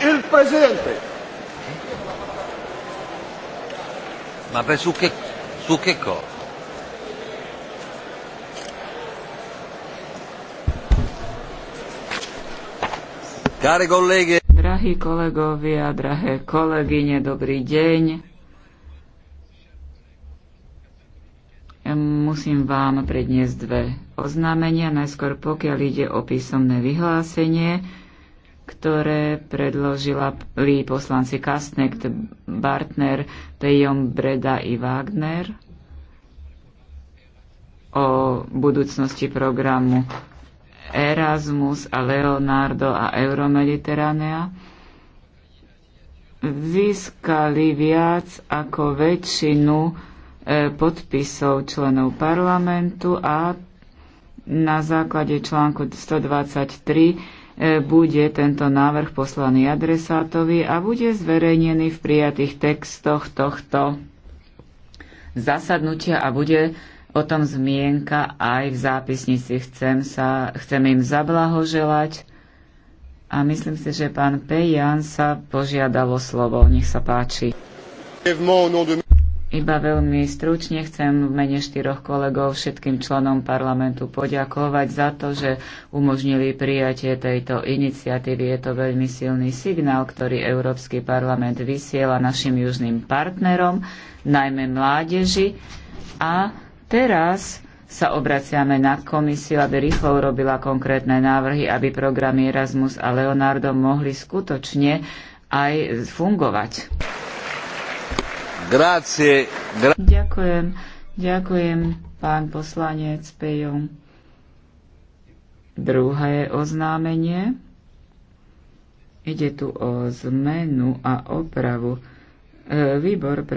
il Presidente. Ma per su che, su che cosa? Care colleghe. Drahí kolegovia, drahé kolegyne, dobrý deň. Musím vám predniesť dve oznámenia. Najskôr pokiaľ ide o písomné vyhlásenie, ktoré predložila poslanci Kastnek, Bartner, Pejom, Breda i Wagner o budúcnosti programu Erasmus a Leonardo a Euromediteránea. získali viac ako väčšinu e, podpisov členov parlamentu a na základe článku 123 E, bude tento návrh poslaný adresátovi a bude zverejnený v prijatých textoch tohto zasadnutia a bude o tom zmienka aj v zápisnici. Chcem, sa, chcem im zablahoželať a myslím si, že pán Pejan sa požiadalo slovo. Nech sa páči. Iba veľmi stručne chcem v mene štyroch kolegov všetkým členom parlamentu poďakovať za to, že umožnili prijatie tejto iniciatívy. Je to veľmi silný signál, ktorý Európsky parlament vysiela našim južným partnerom, najmä mládeži. A teraz sa obraciame na komisiu, aby rýchlo urobila konkrétne návrhy, aby programy Erasmus a Leonardo mohli skutočne aj fungovať. Grazie. Gra- ďakujem, ďakujem, pán poslanec Pejom. Druhé oznámenie. Ide tu o zmenu a opravu. E, výbor pre